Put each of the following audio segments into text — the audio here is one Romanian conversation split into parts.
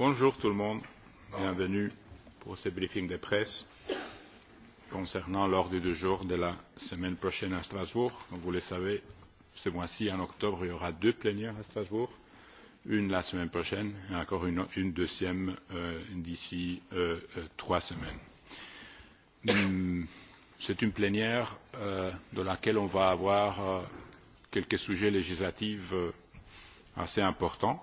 Bonjour tout le monde, bienvenue pour ce briefing de presse concernant l'ordre du jour de la semaine prochaine à Strasbourg. Comme vous le savez, ce mois-ci, en octobre, il y aura deux plénières à Strasbourg, une la semaine prochaine et encore une, une deuxième euh, d'ici euh, euh, trois semaines. Hmm, c'est une plénière euh, dans laquelle on va avoir euh, quelques sujets législatifs euh, assez importants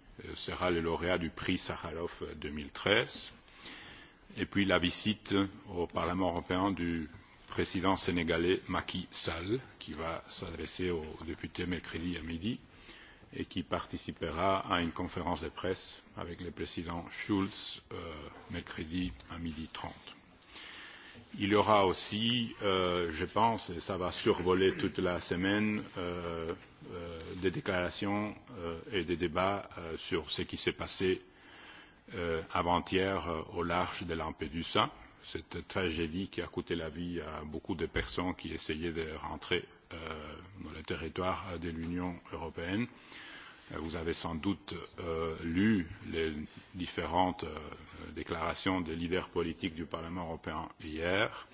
Euh, sera le lauréat du prix Sakharov deux mille treize Et puis la visite au Parlement européen du président sénégalais Macky Sall, qui va s'adresser aux députés mercredi à midi et qui participera à une conférence de presse avec le président Schulz euh, mercredi à midi trente. Il y aura aussi, euh, je pense, et cela va survoler toute la semaine, Euh, des déclarations euh, et des débats euh, sur ce qui s'est passé avant hier au large de lampedusa cette tragédie qui a coûté la vie à beaucoup de personnes qui essayaient de rentrer dans le territoire de l'union européenne. vous avez sans doute lu les différentes déclarations des leaders politiques du parlement européen hier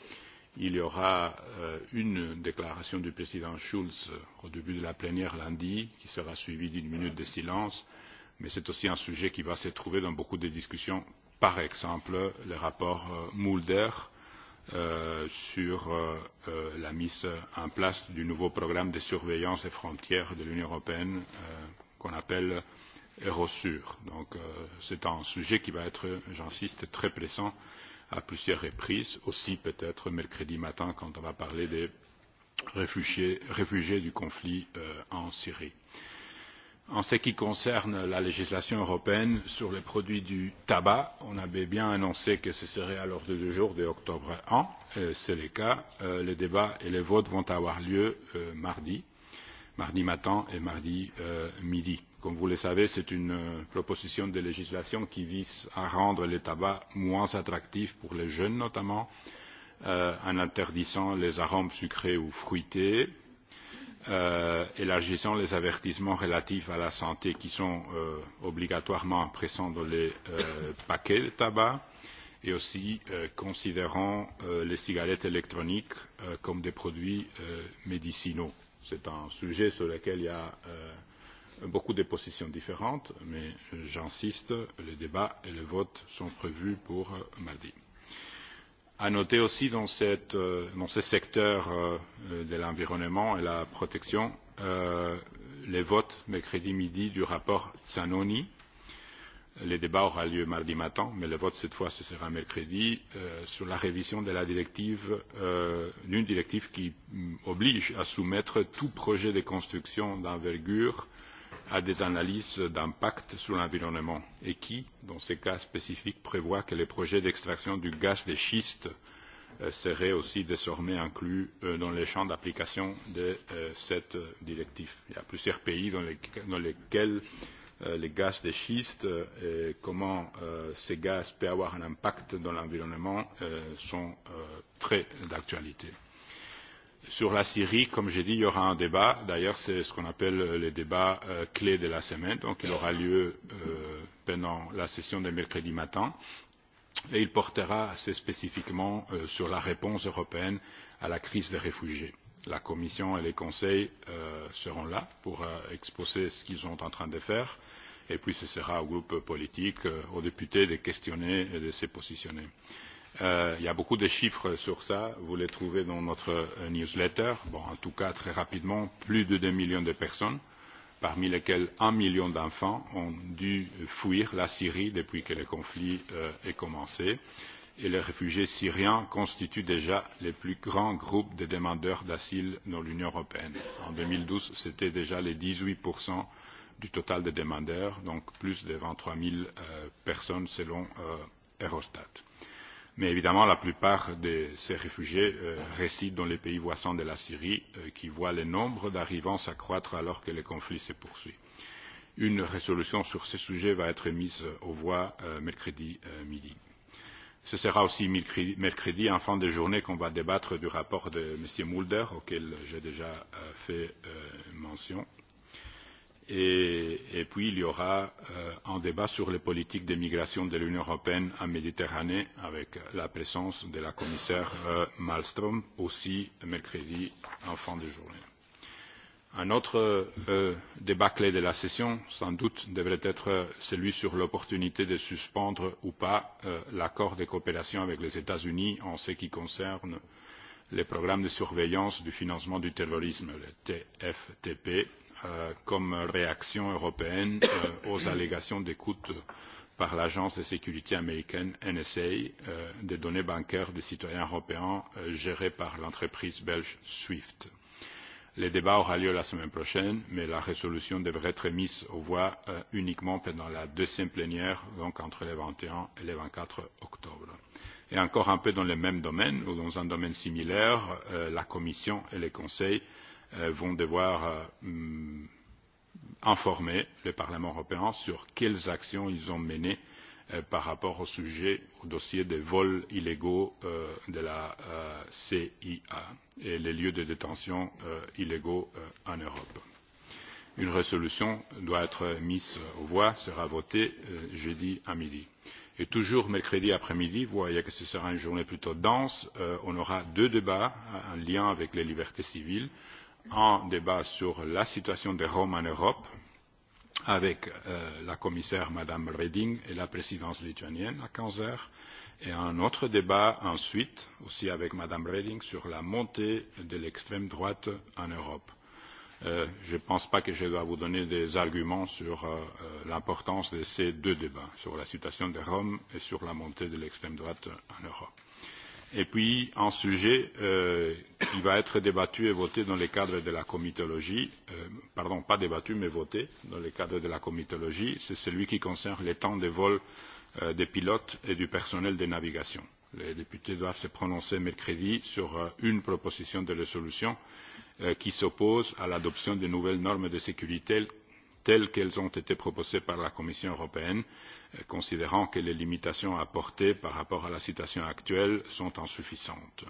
il y aura euh, une déclaration du président schulz euh, au début de la plénière lundi qui sera suivie d'une minute de silence mais c'est aussi un sujet qui va se trouver dans beaucoup de discussions par exemple le rapport euh, mulder sur la mise en place du nouveau programme de surveillance des frontières de l'union européenne qu'on appelle eurosur. c'est donc un sujet qui va être j'insiste très pressant à plusieurs reprises aussi peut être mercredi matin quand on va parler des réfugiés, du conflit euh, en Syrie. En ce qui concerne la législation européenne sur les produits du tabac, on avait bien annoncé que ce serait à l'ordre du jour dès octobre et C'est le cas. Euh, les débats et les votes vont avoir lieu euh, mardi, matin et mardi euh, midi comme vous le savez c'est une euh, proposition de législation qui vise à rendre le tabac moins attractif pour les jeunes notamment euh, en interdisant les arômes sucrés ou fruités euh, élargissant les avertissements relatifs à la santé qui sont euh, obligatoirement présents dans les euh, paquets de tabac et aussi euh, considérant euh, les cigarettes électroniques euh, comme des produits euh, médicinaux. C'est un sujet sur lequel il y a euh, beaucoup de positions différentes mais j'insiste le débat et le vote sont prévus pour mardi. à noter aussi dans, cette, euh, dans ce secteur euh, de l'environnement et de la protection euh, le vote mercredi midi du rapport zanoni le débat aura lieu mardi matin mais le vote cette fois ce sera mercredi euh, sur la révision de la directive euh, d'une directive qui mm, oblige à soumettre tout projet de construction d'envergure à des analyses d'impact sur l'environnement et qui dans ces cas spécifiques prévoit que les projets d'extraction du gaz de schiste euh, seraient aussi désormais inclus euh, dans le champ d'application de euh, cette directive. il y a plusieurs pays dans lesquels le gaz de schiste et comment ce gaz peut avoir un impact dans l'environnement sont très d'actualité sur la syrie comme j'ai dit il y aura un débat d'ailleurs c'est ce qu'on appelle euh, les débats euh, clés de la semaine donc il aura lieu euh, pendant la session de mercredi matin et il portera assez spécifiquement euh, sur la réponse européenne à la crise des réfugiés. la commission et les conseils euh, seront là pour euh, exposer ce qu'ils sont en train de faire et puis ce sera au groupe politique euh, aux députés de questionner et de se positionner. Euh, Euh, il y a beaucoup de chiffres sur cela vous les trouvez dans notre euh, newsletter bon, en tout cas très rapidement plus de deux millions de personnes parmi lesquelles un million d'enfants ont dû fuir la Syrie depuis que le conflit a euh, commencé et les réfugiés syriens constituent déjà le plus grand groupe de demandeurs d'asile dans l'Union européenne. En deux mille douze c'était déjà les dix huit du total des demandeurs, donc plus de vingt trois zéro personnes selon Eurostat mais évidemment la plupart de ces réfugiés euh, résident dans les pays voisins de la syrie euh, qui voient le nombre d'arrivants s'accroître alors que le conflit se poursuit. une résolution sur ce sujet va être mise aux voix euh, mercredi midi. ce sera aussi mercredi en fin de journée qu'on va débattre du rapport de m. mulder auquel j'ai déjà fait mention et, puis il y aura euh, un débat sur les politiques d'immigration de l'Union européenne en Méditerranée avec la présence de la commissaire euh, Malmström aussi mercredi en fin de journée. Un autre euh, débat clé de la session, sans doute, devrait être celui sur l'opportunité de suspendre ou pas euh, l'accord de coopération avec les États-Unis en ce qui concerne les programmes de surveillance du financement du terrorisme, le TFTP, Euh, comme réaction européenne euh, aux allégations d'écoute par l'agence de sécurité américaine NSA euh, des données bancaires des citoyens européens gérées par l'entreprise belge SWIFT. Le débat aura lieu la semaine prochaine, mais la résolution devrait être mise aux voix euh, uniquement pendant la deuxième plénière, donc entre le 21 et le 24 octobre. Et encore un peu dans le même domaine ou dans un domaine similaire, euh, la Commission et le Conseil euh, Euh, vont devoir euh, informer le Parlement européen sur quelles actions ils ont menées euh, par rapport au sujet, au dossier des vols illégaux de la CIA et les lieux de détention illégaux en Europe. Une résolution doit être mise aux voix, sera votée jeudi à midi. Et toujours mercredi après-midi, vous voyez que ce sera une journée plutôt dense, on aura deux débats en lien avec les libertés civiles un débat sur la situation des Roms en Europe avec euh, la commissaire Madame Reding et la présidence lituanienne à 15 heures et un autre débat ensuite aussi avec Madame Reding sur la montée de l'extrême droite en Europe. Euh, je ne pense pas que je dois vous donner des arguments sur euh, euh, l'importance de ces deux débats, sur la situation des Roms et sur la montée de l'extrême droite en Europe et puis un sujet euh, qui va être débattu et voté dans le cadre de la comitologie euh, pardon pas débattu mais voté dans le cadre de la comitologie c'est celui qui concerne les temps de vol euh, des pilotes et du personnel de navigation. Les députés doivent se prononcer mercredi sur euh, une proposition de résolution euh, qui s'oppose à l'adoption de nouvelles normes de sécurité telles qu'elles ont été proposées par la Commission européenne, euh, considérant que les limitations apportées par rapport à la situation actuelle sont insuffisantes.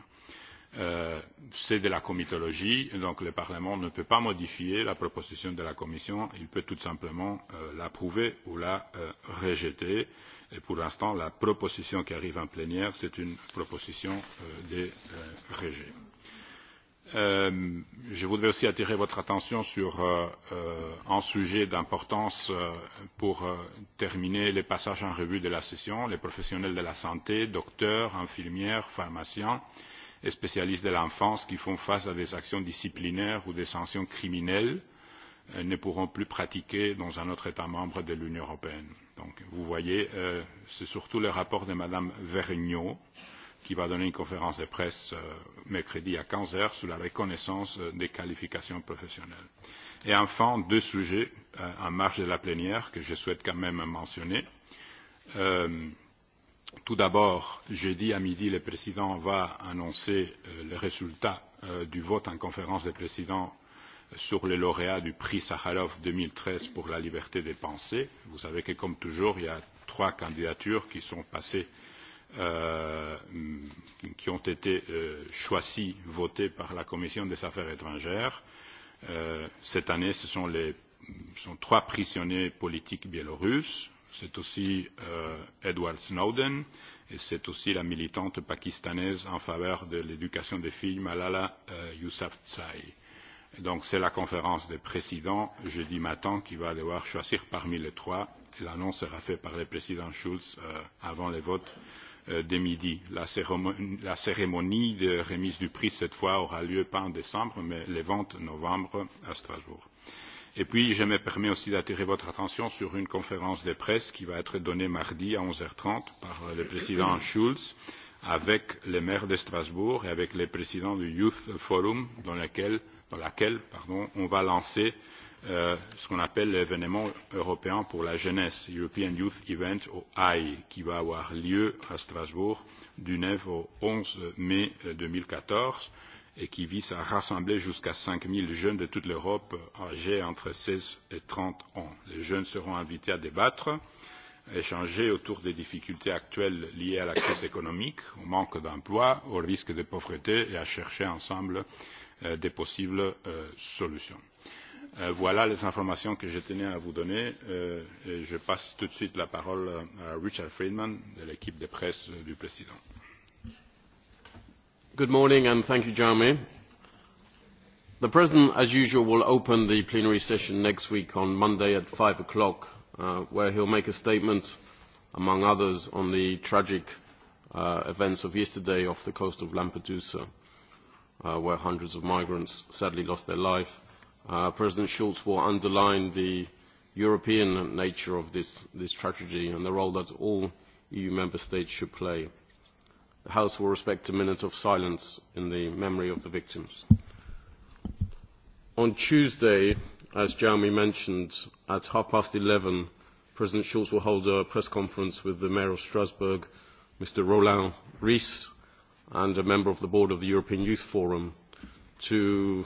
Euh, C'est de la comitologie, donc le Parlement ne peut pas modifier la proposition de la Commission, il peut tout simplement euh, l'approuver ou la euh, rejeter. Et pour l'instant, la proposition qui arrive en plénière, c'est une proposition euh, des euh, régimes. Euh, je voudrais aussi attirer votre attention sur euh, euh un sujet d'importance euh, pour euh, terminer les passages en revue de la session les professionnels de la santé docteurs infirmières pharmaciens et spécialistes de l'enfance qui font face à des actions disciplinaires ou des sanctions criminelles ne pourront plus pratiquer dans un autre état membre de l'union européenne. Donc, vous voyez euh, c'est surtout le rapport de Madame Vergniaud qui qui va donner une conférence de presse euh, mercredi à quinze heures sur la reconnaissance euh, des qualifications professionnelles. et enfin deux sujets euh, en marge de la plénière que je souhaite quand même mentionner. Euh, tout d'abord jeudi à midi le président va annoncer euh, les résultats euh, du vote en conférence des présidents sur les lauréats du prix sakharov deux mille treize pour la liberté de pensée. vous savez que comme toujours il y a trois candidatures qui sont passées Euh, qui ont été euh, choisis, votés par la Commission des affaires étrangères. Euh, cette année, ce sont, les, sont trois prisonniers politiques biélorusses. C'est aussi euh, Edward Snowden et c'est aussi la militante pakistanaise en faveur de l'éducation des filles Malala euh, Yousafzai. Et Donc c'est la conférence des présidents jeudi matin qui va devoir choisir parmi les trois. L'annonce sera faite par le président Schulz euh, avant les votes Euh, de midi. La cérémonie, de remise du prix, cette fois, aura lieu pas en décembre, mais le 20 novembre à Strasbourg. Et puis, je me permets aussi d'attirer votre attention sur une conférence de presse qui va être donnée mardi à 11h30 par le président Schulz avec les maires de Strasbourg et avec les présidents du Youth Forum dans, laquelle, dans laquelle pardon, on va lancer euh, Euh, ce qu'on appelle l'événement européen pour la jeunesse European Youth Event au AI qui va avoir lieu à Strasbourg du 9 au 11 mai 2014 et qui vise à rassembler jusqu'à 5000 jeunes de toute l'Europe âgés entre 16 et 30 ans. Les jeunes seront invités à débattre, à échanger autour des difficultés actuelles liées à la crise économique, au manque d'emploi, au risque de pauvreté et à chercher ensemble euh, des possibles euh, solutions Euh, voilà les informations que je tenais à vous donner euh, et je passe tout de suite la parole à richard friedman de l'équipe de presse du président. good morning and thank you jeremy. the president as usual will open the plenary session next week on monday at five o'clock uh, where he'll make a statement among others on the tragic uh, events of yesterday off the coast of lampedusa uh, where hundreds of migrants sadly lost their life Uh, President Schulz will underline the European nature of this, this tragedy and the role that all EU member states should play. The House will respect a minute of silence in the memory of the victims. On Tuesday, as Jeremy mentioned, at half past 11, President Schulz will hold a press conference with the Mayor of Strasbourg, Mr. Roland Ries, and a member of the board of the European Youth Forum to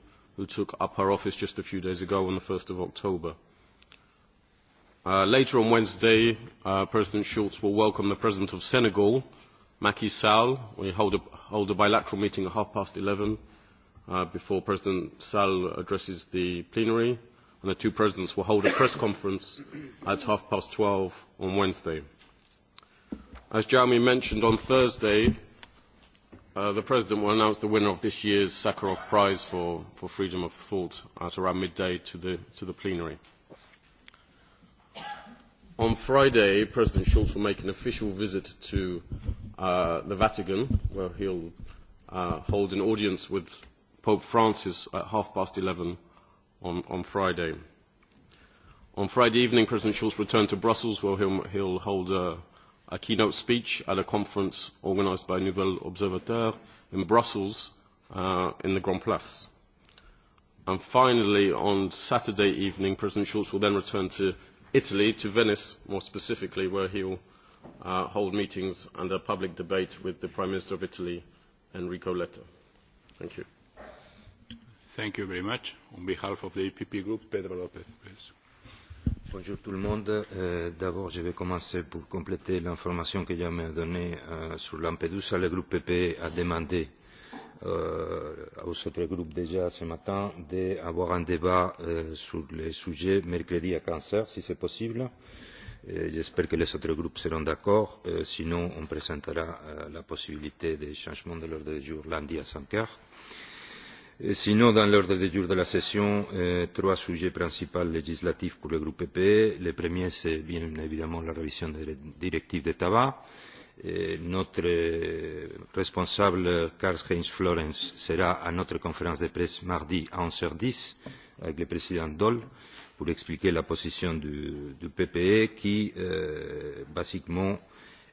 who took up her office just a few days ago on the 1st of October. Uh, later on Wednesday, uh, President Schultz will welcome the President of Senegal, Macky Sall. We hold a, hold a bilateral meeting at half past 11 uh, before President Sall addresses the plenary, and the two presidents will hold a press conference at half past 12 on Wednesday. As Jeremy mentioned, on Thursday, Uh, the President will announce the winner of this year's Sakharov Prize for, for Freedom of Thought at around midday to the, to the plenary. On Friday, President Schulz will make an official visit to uh, the Vatican, where he'll uh, hold an audience with Pope Francis at half past 11 on, on Friday. On Friday evening, President Schulz returned to Brussels, where he'll, he'll hold a a keynote speech at a conference organised by Nouvel Observateur in Brussels uh, in the Grand Place. And finally, on Saturday evening, President Schulz will then return to Italy, to Venice more specifically, where he will uh, hold meetings and a public debate with the Prime Minister of Italy, Enrico Letta. Thank you. Thank you very much. On behalf of the EPP group, Pedro Lopez, please. Bonjour tout le monde. Euh, D'abord, je vais commencer pour compléter l'information que Yam a donnée euh, sur Lampedusa. Le groupe PP a demandé euh, aux autres groupes déjà ce matin d'avoir un débat euh, sur le sujet mercredi à 15 heures, si c'est possible. Euh, J'espère que les autres groupes seront d'accord. Euh, sinon, on présentera euh, la possibilité des changements de l'ordre du jour lundi à 5 heures sinon dans l'ordre du jour de la session euh, trois sujets principaux législatifs pour le groupe ppe. le premier c'est bien évidemment la révision de la directive sur le tabac. notre euh, responsable karl heinz florenz sera à notre conférence de presse mardi à onze h dix avec le président daul pour expliquer la position du, du ppe qui euh, basiquement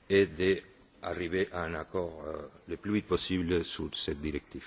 est d'arriver à un accord euh, le plus vite possible sur cette directive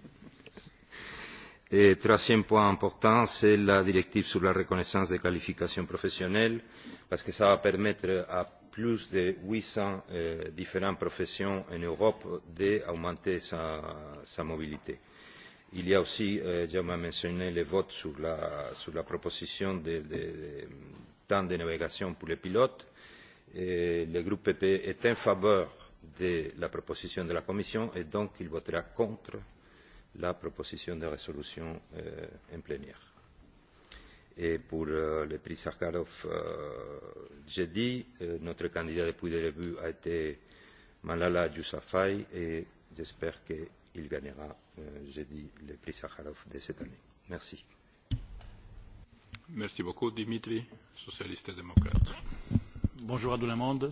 troisième point important, c'est la directive sur la reconnaissance des qualifications professionnelles, parce que cela va permettre à plus de huit cents euh, différentes professions en Europe d'augmenter leur mobilité. Il y a aussi, euh, j'ai mentionné le vote sur la, proposition de, temps de navigation pour les pilotes. le groupe PPE est en faveur de la proposition de la Commission et donc il votera contre la proposition de résolution euh, en plénière. Et pour euh, le prix Sakharov, euh, j'ai dit, euh, notre candidat depuis le début a été Malala Yousafzai et j'espère qu'il gagnera, euh, j'ai dit, le prix Sakharov de cette année. Merci. Merci beaucoup, Dimitri, socialiste et démocrate. Bonjour à tout le monde. Euh,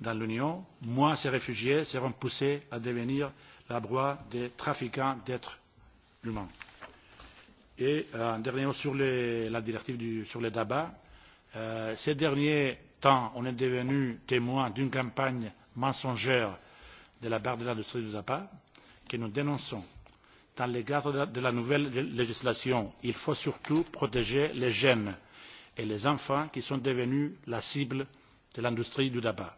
dans l'Union, moins ces réfugiés seront poussés à devenir la proie des trafiquants d'êtres humains. Et un euh, dernier mot sur la directive sur le tabac. Euh, ces derniers temps, on est devenu témoin d'une campagne mensongère de la part de l'industrie du tabac que nous dénonçons. Dans le cadre de la nouvelle législation, il faut surtout protéger les jeunes et les enfants qui sont devenus la cible de l'industrie du tabac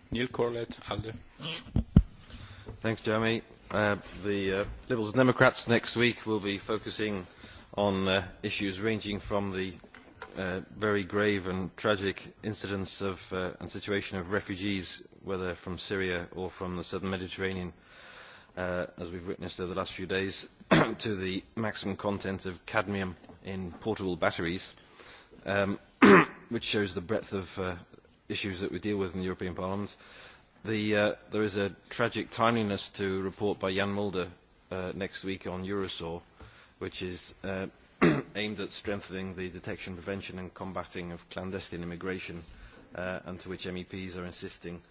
Uh, the uh, Liberals and Democrats next week will be focusing on uh, issues ranging from the uh, very grave and tragic incidents and situation of refugees, whether from Syria or from the southern Mediterranean, as we have witnessed over the last few days, to the maximum content of cadmium in portable batteries, um, which shows the breadth of to uh, issues that we deal with in the European Parliament. The, uh, there is a tragic timeliness to a report by Jan Mulder uh, next week on Eurosur, which is uh, aimed at strengthening the detection, prevention and combating of clandestine immigration, uh, and to which MEPs are insisting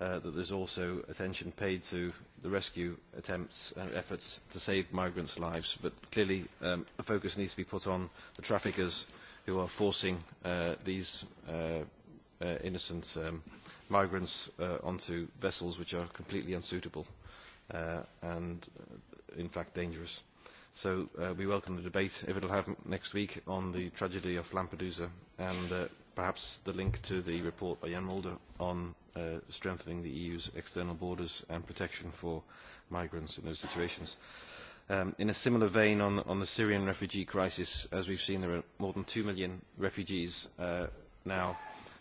uh, that there's also attention paid to the rescue attempts and efforts to save migrants' lives. But clearly um, a focus needs to be put on the traffickers who are forcing uh, these uh, uh, innocent um, migrants uh, onto vessels which are completely unsuitable uh, and, uh, in fact, dangerous. So uh, we welcome the debate, if it will happen next week, on the tragedy of Lampedusa and uh, perhaps the link to the report by Jan Mulder on uh, strengthening the EU's external borders and protection for migrants in those situations. Um, in a similar vein on, on the Syrian refugee crisis, as we've seen, there are more than 2 million refugees uh, now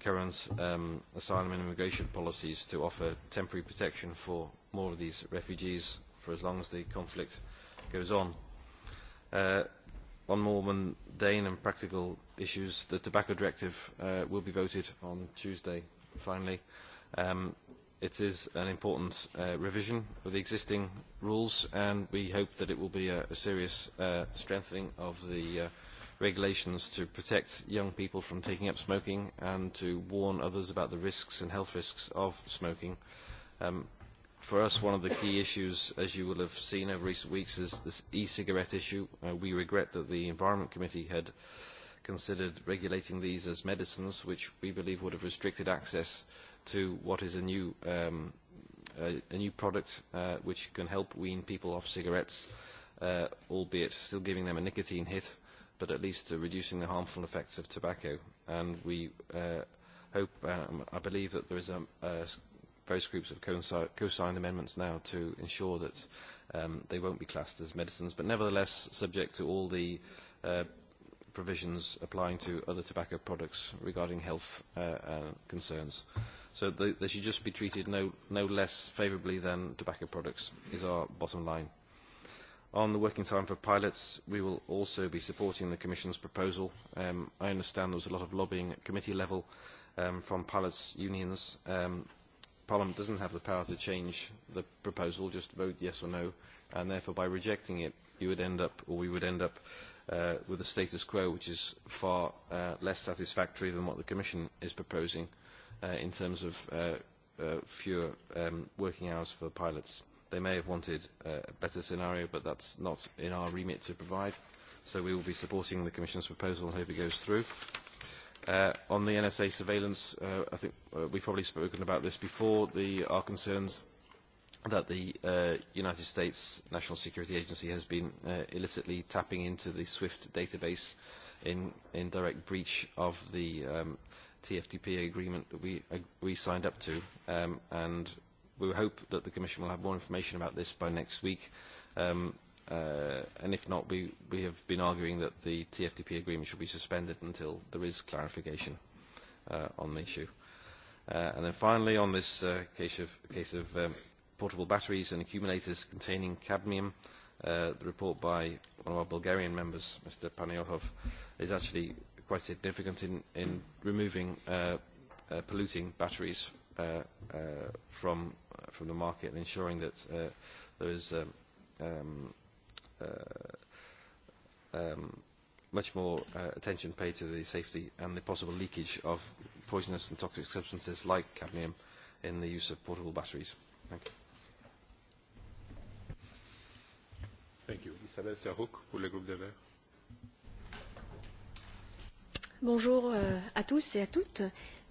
current um, asylum and immigration policies to offer temporary protection for more of these refugees for as long as the conflict goes on. Uh, on more mundane and practical issues, the tobacco directive uh, will be voted on Tuesday, finally. Um, it is an important uh, revision of the existing rules, and we hope that it will be a, a serious uh, strengthening of the uh, regulations to protect young people from taking up smoking and to warn others about the risks and health risks of smoking. Um, for us, one of the key issues, as you will have seen over recent weeks, is this e-cigarette issue. Uh, we regret that the Environment Committee had considered regulating these as medicines, which we believe would have restricted access to what is a new, um, a, a new product uh, which can help wean people off cigarettes, uh, albeit still giving them a nicotine hit but at least to reducing the harmful effects of tobacco. And we uh, hope, um, I believe that there is a, a various groups of co-signed amendments now to ensure that um, they won't be classed as medicines, but nevertheless subject to all the uh, provisions applying to other tobacco products regarding health uh, uh, concerns. So they, they should just be treated no, no less favourably than tobacco products is our bottom line. On the working time for pilots, we will also be supporting the Commission's proposal. Um, I understand there was a lot of lobbying at committee level um, from pilots' unions. Um, Parliament doesn't have the power to change the proposal, just vote yes or no, and therefore by rejecting it, you would end up, or we would end up, uh, with a status quo which is far uh, less satisfactory than what the Commission is proposing uh, in terms of uh, uh, fewer um, working hours for pilots. They may have wanted a better scenario, but that's not in our remit to provide. So we will be supporting the Commission's proposal and hope it goes through. Uh, on the NSA surveillance, uh, I think uh, we've probably spoken about this before. The, our concerns that the uh, United States National Security Agency has been uh, illicitly tapping into the SWIFT database in, in direct breach of the um, TFTP agreement that we, uh, we signed up to. Um, and we hope that the Commission will have more information about this by next week. Um, uh, and if not, we, we have been arguing that the TFTP agreement should be suspended until there is clarification uh, on the issue. Uh, and then finally, on this uh, case of, case of um, portable batteries and accumulators containing cadmium, uh, the report by one of our Bulgarian members, Mr. Panayotov, is actually quite significant in, in removing uh, uh, polluting batteries uh, uh, from, uh, from the market and ensuring that uh, there is um, um, uh, um, much more uh, attention paid to the safety and the possible leakage of poisonous and toxic substances like cadmium in the use of portable batteries. Thank you. Thank you. Isabelle Serhouk pour le groupe de Verts. Bonjour euh, à tous et à toutes.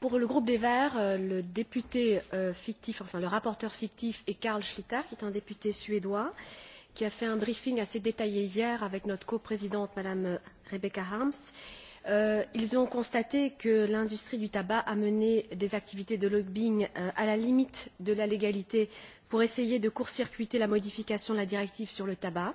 pour le groupe des verts euh, le député euh, fictif enfin le rapporteur fictif est carl schlyter qui est un député suédois qui a fait un briefing assez détaillé hier avec notre coprésidente mme rebecca harms. Euh, ils ont constaté que l'industrie du tabac a mené des activités de lobbying à la limite de la légalité pour essayer de court circuiter la modification de la directive sur le tabac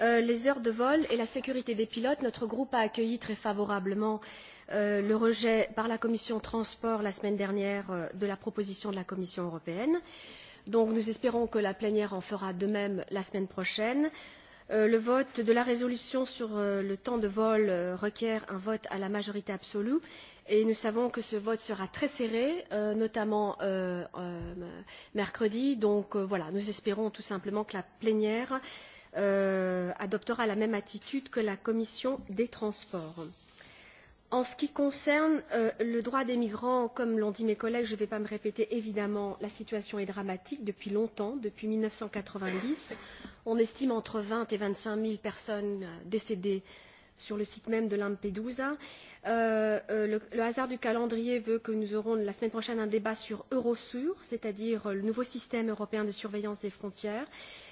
Euh, les heures de vol et la sécurité des pilotes notre groupe a accueilli très favorablement euh, le rejet par la commission des transports la semaine dernière euh, de la proposition de la commission européenne. nous espérons que la plénière en fera de même la semaine prochaine. le vote de la résolution sur le temps de vol requiert un vote à la majorité absolue et nous savons que ce vote sera très serré notamment mercredi. donc voilà nous espérons tout simplement que la plénière euh, adoptera la même attitude que la commission des transports. En ce qui concerne euh, le droit des migrants, comme l'ont dit mes collègues, je ne vais pas me répéter, évidemment, la situation est dramatique depuis longtemps, depuis 1990. On estime entre 20 et 25 000 personnes euh, décédées sur le site même de Lampedusa. Euh, euh, le, le hasard du calendrier veut que nous aurons la semaine prochaine un débat sur Eurosur, c'est-à-dire le nouveau système européen de surveillance des frontières. Euh,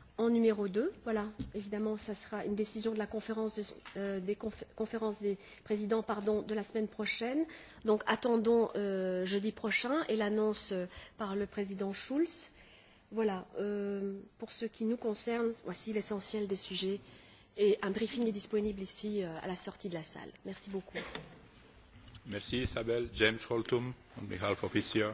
en numéro deux Voilà, évidemment, ce sera une décision de la conférence, de, euh, des, confé conférence des présidents pardon, de la semaine prochaine. Donc attendons euh, jeudi prochain et l'annonce euh, par le président Schulz. Voilà, euh, pour ce qui nous concerne, voici l'essentiel des sujets et un briefing est disponible ici euh, à la sortie de la salle. Merci beaucoup. Merci Isabelle. James Holtum, on behalf of ICR.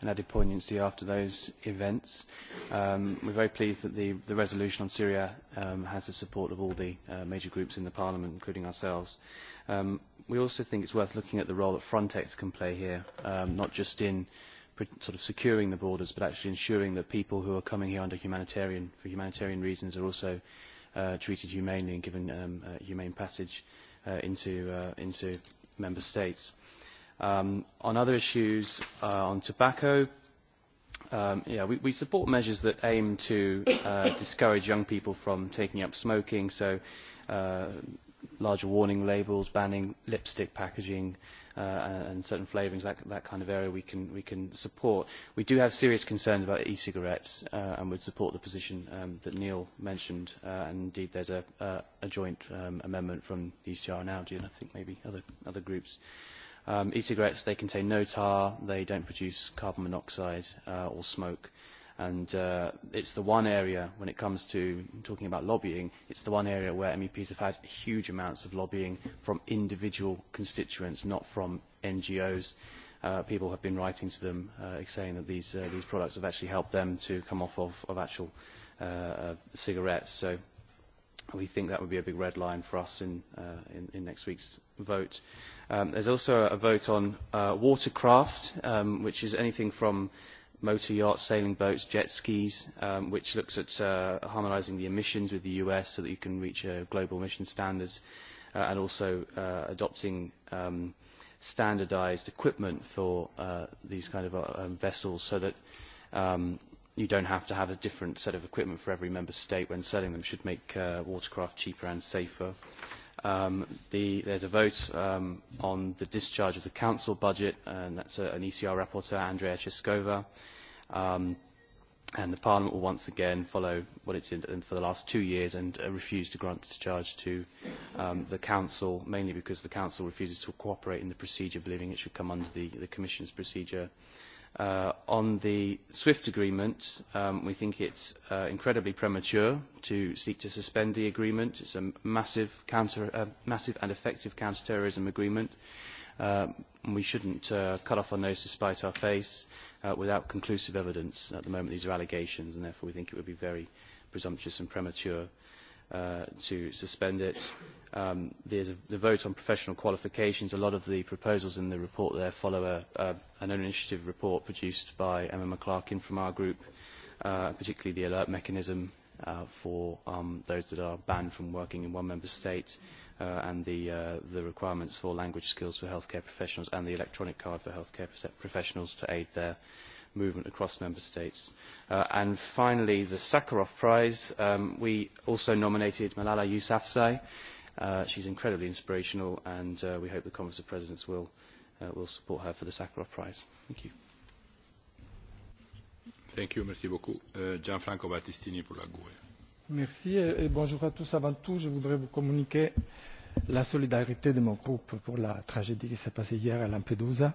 and added poignancy after those events. Um, we're very pleased that the, the resolution on Syria um, has the support of all the uh, major groups in the Parliament, including ourselves. Um, we also think it's worth looking at the role that Frontex can play here, um, not just in sort of securing the borders, but actually ensuring that people who are coming here under humanitarian, for humanitarian reasons are also uh, treated humanely and given um, uh, humane passage uh, into, uh, into member states Um, on other issues, uh, on tobacco, um, we, support measures that aim to uh, discourage young people from taking up smoking, so uh, larger warning labels, banning lipstick packaging and certain flavourings, that, kind of area we can, support. We do have serious concerns about e-cigarettes and would support the position um, that Neil mentioned. and indeed, there is a, joint amendment from the ECR and alde and I think maybe other, groups. Um, e-cigarettes, they contain no tar, they don't produce carbon monoxide uh, or smoke. And uh, it's the one area, when it comes to talking about lobbying, it's the one area where MEPs have had huge amounts of lobbying from individual constituents, not from NGOs. Uh, people have been writing to them uh, saying that these, uh, these products have actually helped them to come off of, of actual uh, uh, cigarettes. So we think that would be a big red line for us in, uh, in, in next week's vote. Um, there's also a vote on uh, watercraft, um, which is anything from motor yachts, sailing boats, jet skis, um, which looks at uh, harmonising the emissions with the US so that you can reach global emission standards, uh, and also uh, adopting um, standardised equipment for uh, these kind of uh, um, vessels so that um, you don't have to have a different set of equipment for every member state when selling them should make uh, watercraft cheaper and safer. Um, the, there's a vote um, on the discharge of the council budget, and that's a, an ECR rapporteur, Andrea Cheskova. Um, and the Parliament will once again follow what it did for the last two years and uh, refuse to grant discharge to um, the Council, mainly because the Council refuses to cooperate in the procedure, believing it should come under the, the Commission's procedure. Uh, on the SWIFT agreement, um, we think it's uh, incredibly premature to seek to suspend the agreement. It's a massive, counter, uh, massive and effective counterterrorism agreement. Uh, and we shouldn't uh, cut off our nose to spite our face uh, without conclusive evidence. At the moment, these are allegations, and therefore we think it would be very presumptuous and premature. Uh, Uh, to suspend it. Um, there's a, the vote on professional qualifications. A lot of the proposals in the report there follow a, an own initiative report produced by Emma McClarkin from our group, uh, particularly the alert mechanism uh, for um, those that are banned from working in one member state uh, and the, uh, the requirements for language skills for healthcare professionals and the electronic card for healthcare professionals to aid their movement across member states. Uh, and finally, the Sakharov Prize. Um, we also nominated Malala Yousafzai. Uh, She is incredibly inspirational, and uh, we hope the Conference of Presidents will, support her for the Sakharov Prize. Thank you. Thank you, merci beaucoup. Uh, Gianfranco Battistini pour la GUE. Merci et bonjour à tous. Avant tout, je voudrais vous communiquer la solidarité de mon groupe pour la tragédie qui s'est passée hier à Lampedusa.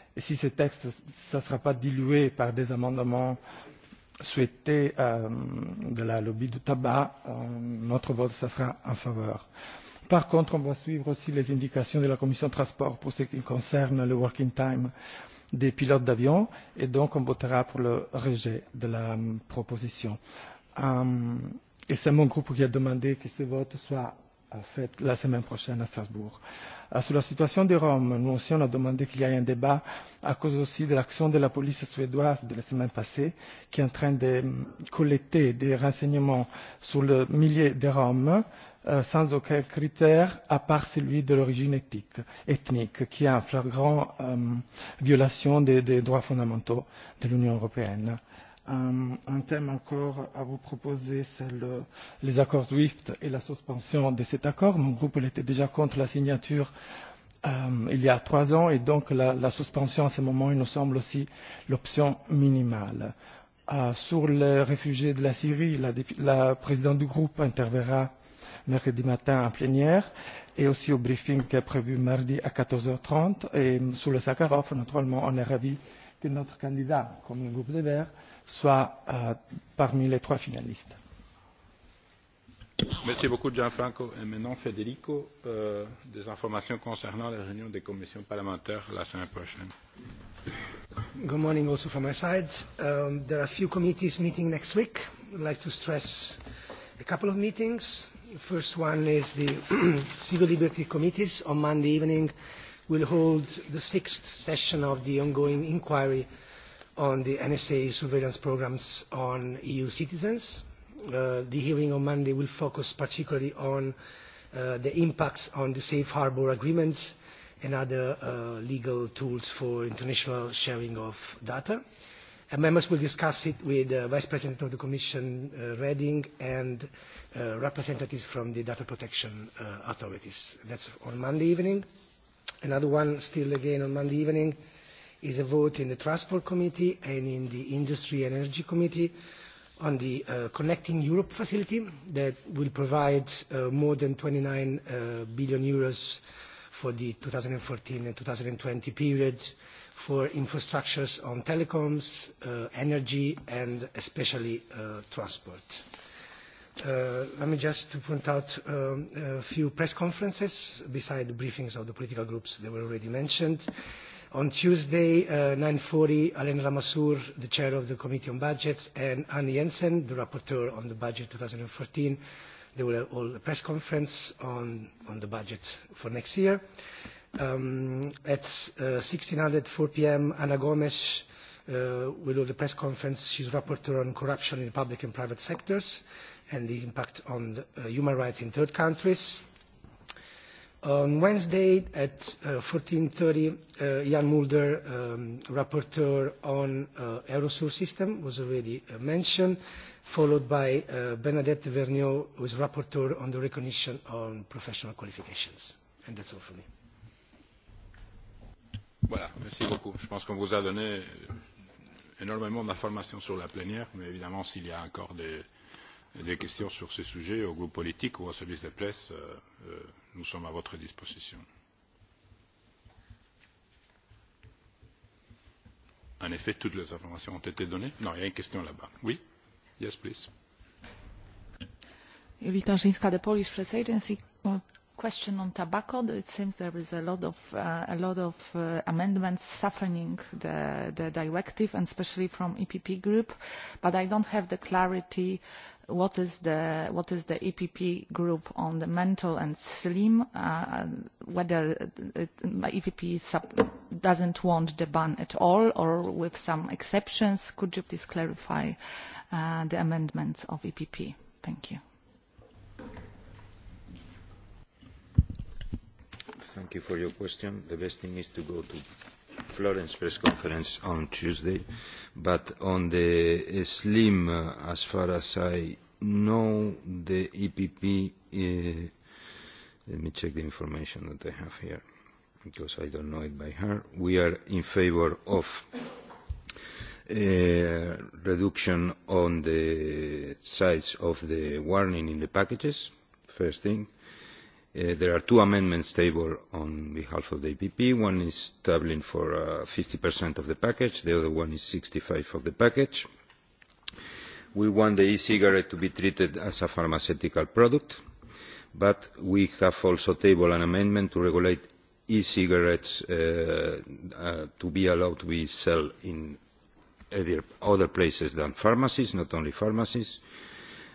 et si ce texte ne sera pas dilué par des amendements souhaités euh, de la lobby du tabac, euh, notre vote ça sera en faveur. Par contre, on va suivre aussi les indications de la Commission de transport pour ce qui concerne le working time des pilotes d'avion et donc on votera pour le rejet de la euh, proposition. Euh, et c'est mon groupe qui a demandé que ce vote soit en fait, la semaine prochaine à Strasbourg. Euh, sur la situation des Roms, nous aussi, on a demandé qu'il y ait un débat à cause aussi de l'action de la police suédoise de la semaine passée, qui est en train de euh, collecter des renseignements sur le millier de Roms, euh, sans aucun critère, à part celui de l'origine ethnique, ethnique, qui est en flagrant euh, violation des, des droits fondamentaux de l'Union européenne. Euh, un, euh, un thème encore à vous proposer, c'est le, les accords SWIFT et la suspension de cet accord. Mon groupe il était déjà contre la signature euh, il y a trois ans et donc la, la suspension à ce moment il nous semble aussi l'option minimale. Euh, sur les réfugiés de la Syrie, la, la présidente du groupe interverra mercredi matin en plénière et aussi au briefing qui est prévu mardi à 14h30. Et sur le Sakharov, naturellement, on est ravis euh, que notre candidat, comme le groupe des Verts, soit euh, parmi les trois finalistes. Merci beaucoup, Gianfranco. Et maintenant, Federico, euh, des informations concernant la réunion des commissions parlementaires la semaine prochaine. Good morning also from my side. Um, there are a few committees meeting next week. I'd like to stress a couple of meetings. The first one is the Civil Liberty Committees on Monday evening will hold the sixth session of the ongoing inquiry on the NSA surveillance programs on EU citizens. Uh, the hearing on Monday will focus particularly on uh, the impacts on the safe harbour agreements and other uh, legal tools for international sharing of data. And members will discuss it with uh, Vice President of the Commission uh, Reading and uh, representatives from the data protection uh, authorities. That's on Monday evening. Another one, still again on Monday evening, is a vote in the Transport Committee and in the Industry and Energy Committee on the uh, Connecting Europe facility that will provide uh, more than 29 uh, billion euros for the 2014 and 2020 period for infrastructures on telecoms, uh, energy and especially uh, transport. Uh, let me just to point out um, a few press conferences beside the briefings of the political groups that were already mentioned. On Tuesday, uh, 9.40, Alain Ramassour, the chair of the Committee on Budgets, and Anne Jensen, the rapporteur on the budget 2014, they will hold a press conference on, on the budget for next year. Um, at uh, 16.04 p.m., Ana Gomes uh, will hold a press conference. She's rapporteur on corruption in the public and private sectors and the impact on the, uh, human rights in third countries. On Wednesday at 14.30, uh, Jan uh, Mulder, um, rapporteur on uh, Aerosur system, was already uh, mentioned, followed by uh, Bernadette Vergniaud, who is rapporteur on the recognition on professional qualifications. And that's all for me. Voilà, merci beaucoup. Je pense qu'on vous a donné euh, énormément d'informations sur la plénière, mais évidemment, s'il y a encore des, des questions sur ce sujet au groupe politique ou au service de presse, euh, euh, nous sommes à votre disposition. En effet, toutes les informations ont été données. Non, il y a une question là-bas. Oui Yes, please. Witam Szyńska, The Polish Press Agency question on tobacco it seems there is a lot of uh, a lot of uh, amendments softening the the directive and especially from EPP group but i don't have the clarity what is the what is the EPP group on the mental and slim uh, whether it, EPP sub doesn't want the ban at all or with some exceptions could you please clarify uh, the amendments of EPP thank you thank you for your question. The best thing is to go to Florence press conference on Tuesday, but on the uh, slim, uh, as far as I know, the EPP, uh, let me check the information that I have here, because I don't know it by heart. We are in favor of uh, reduction on the size of the warning in the packages, first thing. Uh, there are two amendments tabled on behalf of the epp one is tabling for uh, fifty of the package the other one is sixty five of the package. we want the e cigarette to be treated as a pharmaceutical product but we have also tabled an amendment to regulate e cigarettes uh, uh, to be allowed to be sold in other places than pharmacies not only pharmacies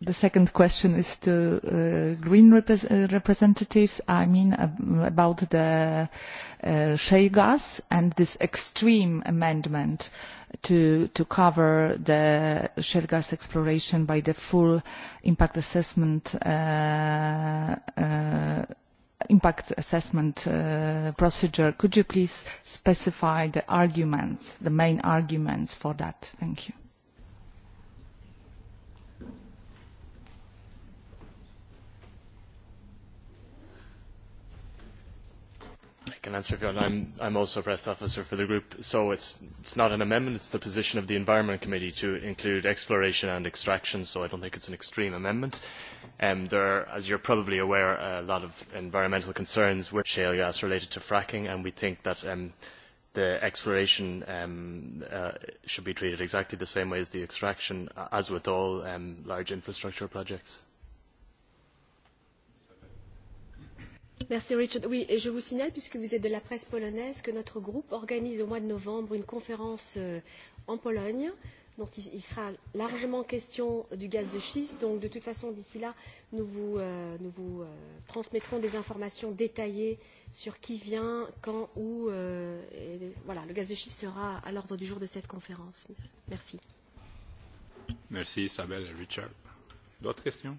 the second question is to uh, green repres uh, representatives i mean uh, about the uh, shale gas and this extreme amendment to, to cover the shale gas exploration by the full impact assessment uh, uh impact assessment uh, procedure could you please specify the arguments the main arguments for that thank you can answer if you want. I'm, I'm also a press officer for the group, so it's, it's not an amendment, it's the position of the Environment Committee to include exploration and extraction, so I don't think it's an extreme amendment. Um, there are, as you're probably aware, a lot of environmental concerns with shale gas related to fracking, and we think that um, the exploration um, uh, should be treated exactly the same way as the extraction, as with all um, large infrastructure projects. Merci Richard. Oui, et je vous signale, puisque vous êtes de la presse polonaise, que notre groupe organise au mois de novembre une conférence euh, en Pologne dont il sera largement question du gaz de schiste. Donc, de toute façon, d'ici là, nous vous, euh, nous vous euh, transmettrons des informations détaillées sur qui vient, quand, où. Euh, et, voilà, le gaz de schiste sera à l'ordre du jour de cette conférence. Merci. Merci Isabelle et Richard. D'autres questions